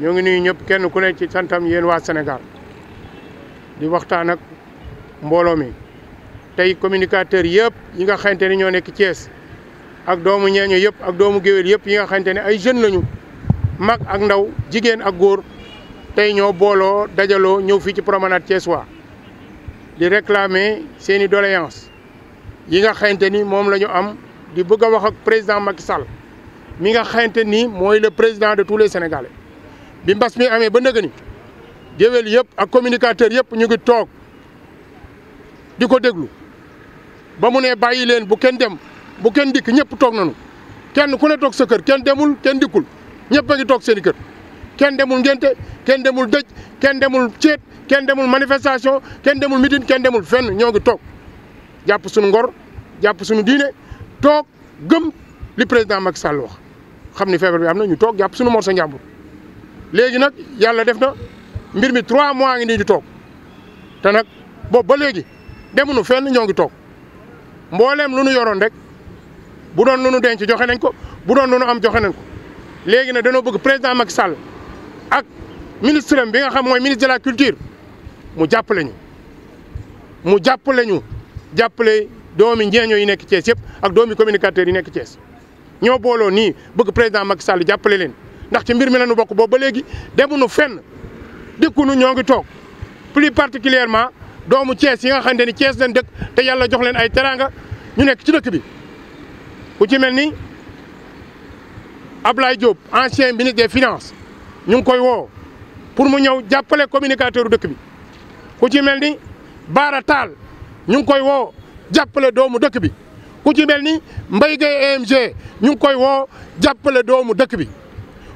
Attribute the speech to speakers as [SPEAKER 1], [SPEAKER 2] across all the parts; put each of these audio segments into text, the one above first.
[SPEAKER 1] ñoo ngi nuyu ñëpp kenn ku ne ci santam yéen waa Sénégal di waxtaan ak mbooloo mi tey communicateur yëpp yi nga xamante ni ñoo nekk Thiès ak doomu ñeeño yëpp ak doomu géwél yëpp yi nga xamante ne ay jeunes lañu mag ak ndaw jigéen ak góor tey ñoo booloo dajaloo ñëw fii ci promenade Thiès waa di réclamer seen i doléance yi nga xamante ni moom la ñu am di bëgg a wax ak président Macky Sall mi nga xamante ni mooy le président de tous les Sénégalais bi mbas mi amee ba nëgë ni géwél yëpp ak communicateur yëpp ñu ngi toog di ko déglu ba mu ne bàyyi leen bu kenn dem bu kenn dikk ñëpp toog nañu kenn ku ne toog sa kër kenn demul kenn dikkul ñëpp a ngi toog seen i kër kenn demul ngénte kenn demul dëj kenn demul ceet kenn demul manifestation kenn demul mitin kenn demul fenn ñoo ngi toog jàpp suñu ngor jàpp suñu diine toog gëm li président Macky Sall wax xam ni feebar bi am na ñu toog jàpp suñu mor sa njàmbur léegi nag yàlla def na mbir mi trois mois ngi nii di toog te nag boobu ba léegi demuñu fenn ñoo ngi toog mbooleem lu nu yoroon rek bu doon lu nu denc joxe nañ ko bu doon lu nu am joxe nañ ko léegi nag danoo bëgg président Macky Sall ak ministre am bi nga xam mooy ministre de la culture mu jàppale ñu mu jàppale ñu jàppale doomi njeeño yi nekk Thiès yëpp ak doomi communicateurs yi nekk Thiès ñoo booloo nii bëgg président Macky Sall jàppale leen ndax ci mbir mi la nu bokk boobu ba léegi demuñu fenn dëkkuñu ñoo ngi toog plus particulièrement doomu Thiès yi nga xam ni Thiès lañ dëkk te yàlla jox leen ay teraanga ñu nekk ci dëkk bi ku ci mel ni Ablaye Diop ancien ministre des finance ñu ngi koy woo pour mu ñëw jàppale communicateur dëkk bi ku ci mel ni Baara Taal ñu ngi koy woo jàppale doomu dëkk bi ku ci mel ni Mbaye Gueye EMG ñu ngi koy woo jàppale doomu dëkk bi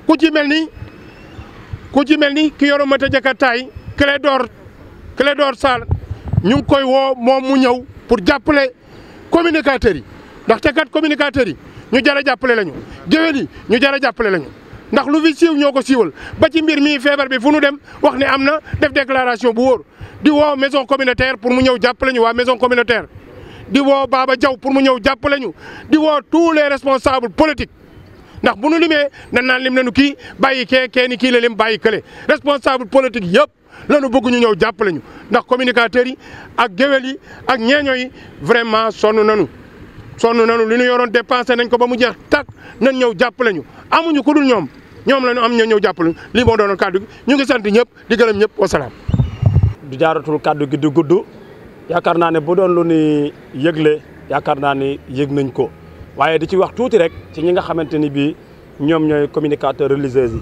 [SPEAKER 1] ku ci mel ni ku ci mel ni ki yoro mata jakataay Clédor Clédor Sall ñu ngi koy woo moom mu ñëw pour jàppale communicateurs yi ndaxte kat communicateurs yi ñu jar a jàppale lañu géwél ñu jar a jàppale lañu ndax lu fi siiw ñoo ko siiwal ba ci mbir mii feebar bi fu nu dem wax ni am na def déclaration bu wóor di woo maison communautaire pour mu ñëw jàppale ñu waa maison communautaire di woo baaba jaw pour mu ñëw jàppale ñu di woo tous les responsables politiques ndax bu nu limee nan naan lim nañu kii bàyyi kee ni kii la lim bàyyi kële responsable politique yëpp lanu bëgg ñu ñëw jàppale ñu ndax communicateurs yi ak géwél yi ak ñeeño yi vraiment sonn nanu sonn nanu li ñu yoroon dépensé nañ ko ba mu jeex tak nañ ñëw jàppale ñu amuñu ku dul ñoom ñoom la ñu am ñoo ñëw jàppale lii moo doonoon kàddu gi ñu ngi sant ñëpp di gërëm ñëpp wasalaam
[SPEAKER 2] du jaaratul kàddu gi di gudd yaakaar naa ne bu doon lu ni yëgle yaakaar naa ni yëg nañ ko waaye di ci wax tuuti rek ci ñi nga xamante ni bii ñoom ñooy communicateur religieux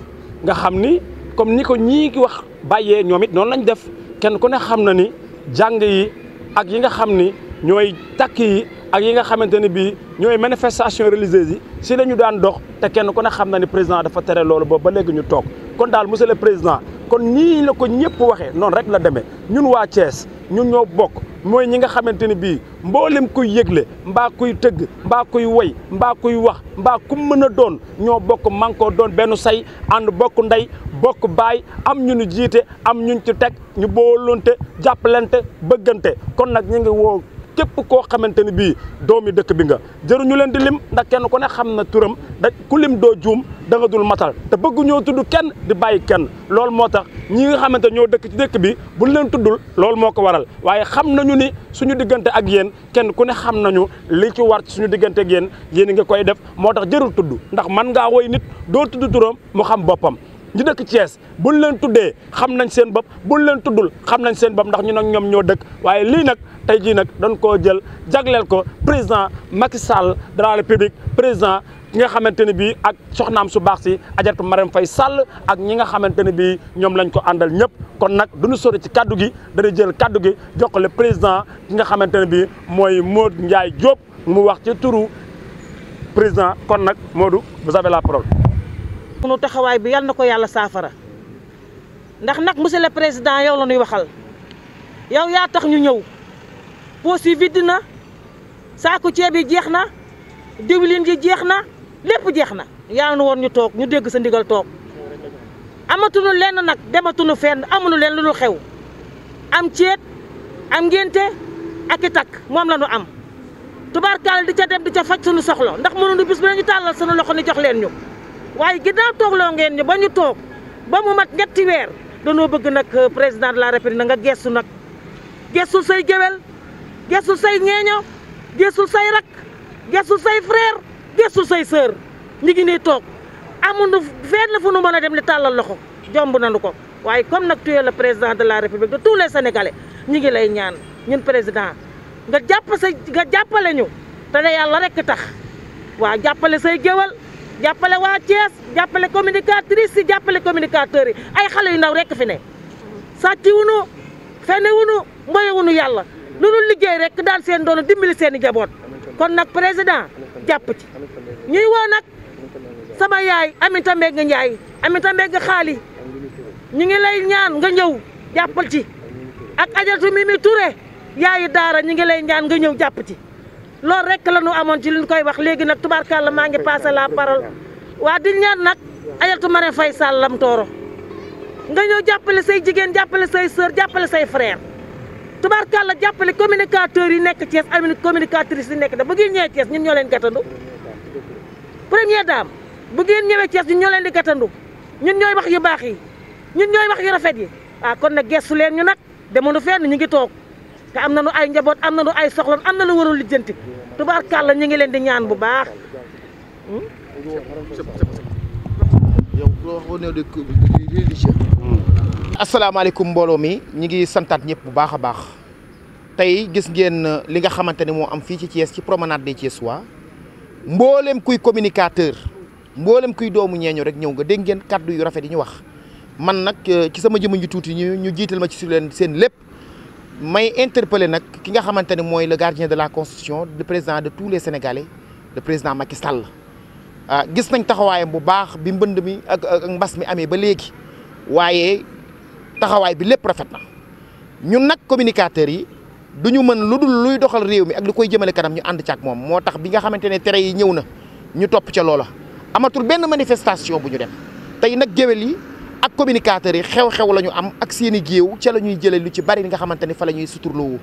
[SPEAKER 2] yi nga xam ni comme ni ko ñii wax bàyyee ñoom it noonu lañ def kenn ku ne xam na ni jàng yi ak yi nga xam ni ñooy takk yi ak yi nga xamante ni bii ñooy manifestation religieuse yi si la ñu daan dox te kenn ku ne xam na ni président dafa tere loolu boobu ba léegi ñu toog kon daal monsieur le président kon nii la ko ñëpp waxee noonu rek la demee ñun waa cees ñun ñoo bokk mooy ñi nga xamante ne bii mboolem kuy yégle mbaa kuy tëgg mbaa kuy woy mbaa kuy wax mbaa ku mën a doon ñoo bokk mànkoo doon benn say ànd bokk ndey bokk baay am ñu ñu jiite am ñun ci teg ñu boolonte jàppalante bëggante kon nag ñu ngi woo képp koo xamante ni bii doomi dëkk bi nga jëruñu leen di lim ndax kenn ku ne xam na turam da ku lim doo juum da dul matal te bëgg ñoo tudd kenn di bàyyi kenn loolu moo tax ñi nga xamante ñoo dëkk ci dëkk bi buñ leen tuddul lool moo ko waral waaye xam nañu ni suñu diggante ak yéen kenn ku ne xam nañu li ci war ci suñu diggante ak yéen yéen nga koy def moo tax jërul tudd ndax man ngaa woy nit doo tudd turam mu xam boppam ñu dëkk Thiès buñ leen tuddee xam nañ seen bopp buñ leen tuddul xam nañ seen bopp ndax ñu nag ñoom ñoo dëkk waaye lii nag te jii nag dañ koo jël jagleel ko président Macky Sall de la République président ki nga xamante ne bii ak soxnaam su baax si Adjaratou Marème Faye Sall ak ñi nga xamante ne bii ñoom lañ ko àndal ñëpp kon nag duñu sori ci kaddu gi dana jël kaddu gi jox le président ki nga xamante ne bii mooy Modou njaay Diop mu wax ci turu président kon nag Modou vous avez la parole
[SPEAKER 3] sunu taxawaay bi yal na ko yàlla saafara ndax nag monsieur le président yow la ñuy waxal yow yaa tax ñu ñëw poos yi vide na saaku ceeb yi jeex na diwlin yi jeex na lépp jeex na yaa nu woon ñu toog ñu dégg sa ndigal toog amatuñu lenn nag dematuñu fenn amuñu leen lu ñu xew am ceet am ngénte ak i takk moom la nu am tubaarkaal di ca dem di ca faj suñu soxla ndax mënuñu bis bu ñu tàllal suñu loxo ni jox leen ñu waaye ginnaaw toogloo ngeen ñu ba ñu toog ba mu mat ñetti weer danoo bëgg nag euh, président de la république na nga gestu nag gestu say géwél gestu say ñeeño gestu say rak gestu say frère gestu say sœur ñu ngi nii toog amuñu fenn fu nu mën a dem ni tàllal loxo jomb nañu ko waaye comme nag tu la le président de la république de tous les sénégalais ñu ngi lay ñaan ñun président nga jàpp sa nga jàppale ñu te ne yàlla rekk tax waa jàppale say géwal jàppale waa Thiès jàppale communicatrice si jàppale communicateur yi ay xale yu ndaw rekk fi ne sàcci wunu fene wunu mboye yàlla lu dul liggéey rek daan seen doon dimbali seen i jaboot kon nag président jàpp ci ñuy woo nag sama yaay Aminata Mbengue Ndiaye Aminata Mbengue Xaali ñu ngi ñaan nga ñëw jàppal ci ak ajatu Mimi Touré yaayu daara ñu ngi lay ñaan nga ñëw jàpp ci loolu rek la ñu amoon ci li ñu koy wax léegi nag tubaarkàlla maa ngi passé la parole waa di ñaan nag Ajaratu Marème Faye Sall Lam Tooro nga ñëw jàppale say jigéen jàppale say sœur jàppale say frère tubaarkàlla jàppale communicateurs yi nekk Thiès am communicatrices yi nekk da bu ngeen ñëwee Thiès ñun ñoo leen gàttandu première dame bu ngeen ñëwee Thiès ñun ñoo leen di gàttandu ñun ñooy wax yu baax yi ñun ñooy wax yi rafet yi ah kon nag gestu leen ñu nag demoonu fenn ñu ngi toog te am nu ay njaboot am na nañu ay soxlan am na lu warul lijjanti tubaarkàlla ñu ngi leen di ñaan bu baax.
[SPEAKER 4] Hmm? asalaamaaleykum mbooloo mi ñi ngi santaat ñëpp bu baax a baax tey gis ngeen uh, li nga xamante ne moo am fii ci Thiès ci promenade des Thiessois mbooleem kuy communicateur mbooleem kuy doomu ñeeño rek ñëw nga dégg ngeen kàddu yu rafet yi ñu wax man nag uh, ci sama jëmm ju tuuti ñu ñu jiital ma ci su leen seen lépp. may interpeller nag ki nga xamante ne mooy le gardien de la constitution le président de tous les sénégalais le président Macky Sall ah gis nañ taxawaayam bu baax bi mbënd mi ak ak mbas mi amee ba léegi waaye taxawaay bi lépp rafet na ñun nag communicateurs yi du ñu mën lu dul luy doxal réew mi ak lu koy jëmale kanam ñu ànd ci moom moo tax bi nga xamante ne tere yi ñëw na ñu topp ca loola amatul benn manifestation bu ñu dem tey nag géwél yi ak communicateur yi xew-xew la ñu am ak seeni i géew ca la ñuy jëlee lu ci bari li nga xamante ni fa la ñuy suturloo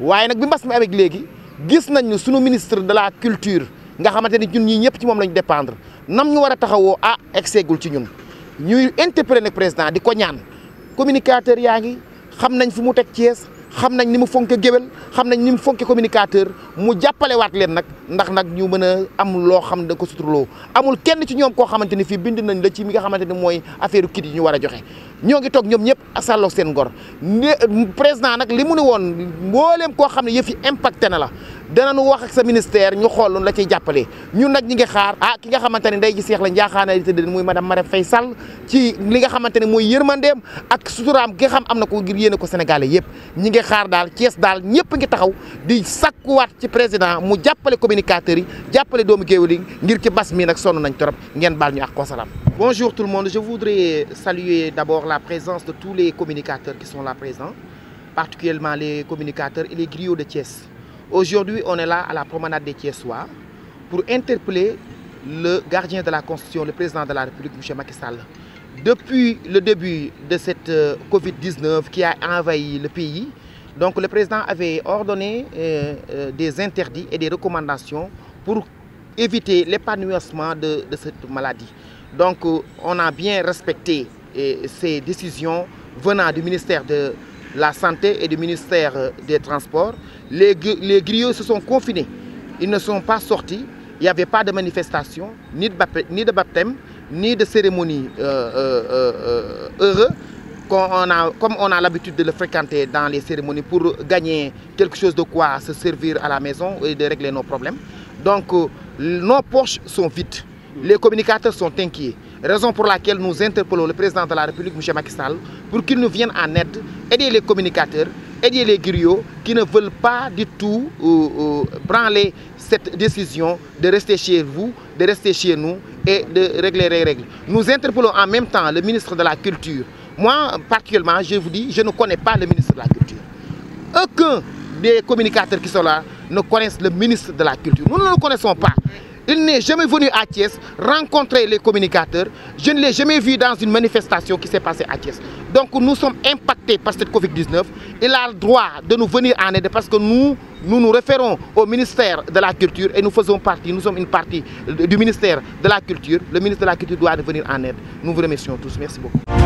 [SPEAKER 4] waaye nag bi mbas mi amee léegi gis nañ ne sunu ministre de la culture nga xamante ni ñun ñii ñëpp ci moom lañu ñu dépendre nam ñu war a taxawoo ah egseegul ci ñun ñuy interpeller président di ko ñaan communicateurs yaa ngi xam nañ fu mu teg Thiès xam nañ ni mu fonke géwél xam nañ ni mu fonke communicateur mu jàppalewaat leen nag ndax nag ñu mën a amul loo xam da ko suturloo amul kenn ci ñoom koo xamante ni fii bind nañ la ci mi nga xamante ni mooy affaire kit yi ñu war a joxe ñoo ngi toog ñoom ñëpp asàlloog seen ngor président nag li mu ne woon mbooleem koo xam ne yëf yi impacté na la danañu wax ak sa ministère ñu xool lu la ciy jàppale ñun nag ñi ngi xaar ah ki nga xamante ne day ji seex la njaaxaana di tëdd muy madame Marème Faye Sall ci nga xamante ne mooy yërmandeem ak suturaam gi xam am na ko ngir yéene ko sénégalais yëpp ñi ngi xaar daal Thiès daal ñëpp ngi taxaw di waat ci président mu jàppale communicateurs yi jàppale doomu géewal yi ngir ci bas mi nag sonn nañ torop ngeen baal ñu ak ko salaam bonjour tout le monde je voudrais saluer la présence de les communicateurs qui sont là présents les communicateurs et les Aujourd'hui, on est là à la promenade des Thiessois pour interpeller le gardien de la Constitution, le président de la République, M. Macky Sall. Depuis le début de cette euh, Covid-19 qui a envahi le pays, donc le président avait ordonné euh, euh, des interdits et des recommandations pour éviter l'épanouissement de, de, cette maladie. Donc on a bien respecté ces décisions venant du ministère de la Santé et du ministère des Transports. Les, les griots se sont confinés. Ils ne sont pas sortis. Il n'y avait pas de manifestation, ni de, ni de baptême, ni de cérémonie euh, euh, euh, euh, heureux, comme on a, comme on a l'habitude de le fréquenter dans les cérémonies pour gagner quelque chose de quoi se servir à la maison et de régler nos problèmes. Donc, euh, nos poches sont vides. Mm. Les communicateurs sont inquiets. Raison pour laquelle nous interpellons le président de la République, M. Macky Sall, pour qu'il nous vienne en aide, aider les communicateurs, aider les griots qui ne veulent pas du tout euh, euh, branler cette décision de rester chez vous, de nous et de régler les règles. Nous interpellons en même temps le ministre de la Culture. Moi, particulièrement, je vous dis, je ne connais pas le ministre de la Culture. Aucun des communicateurs qui sont là ne connaissent le ministre de la Culture. Nous ne le connaissons pas. Il n'est jamais venu à Thiès rencontrer les communicateurs. Je ne l'ai jamais vu dans une manifestation qui s'est passée à Thiès. Donc nous sommes impactés par cette covid Il a le droit de nous venir en aide parce que nous, nous nous référons au ministère de la Culture et nous faisons partie, nous sommes une partie du ministère de la Culture. Le ministre de la Culture doit venir en aide. Nous vous remercions tous. Merci beaucoup.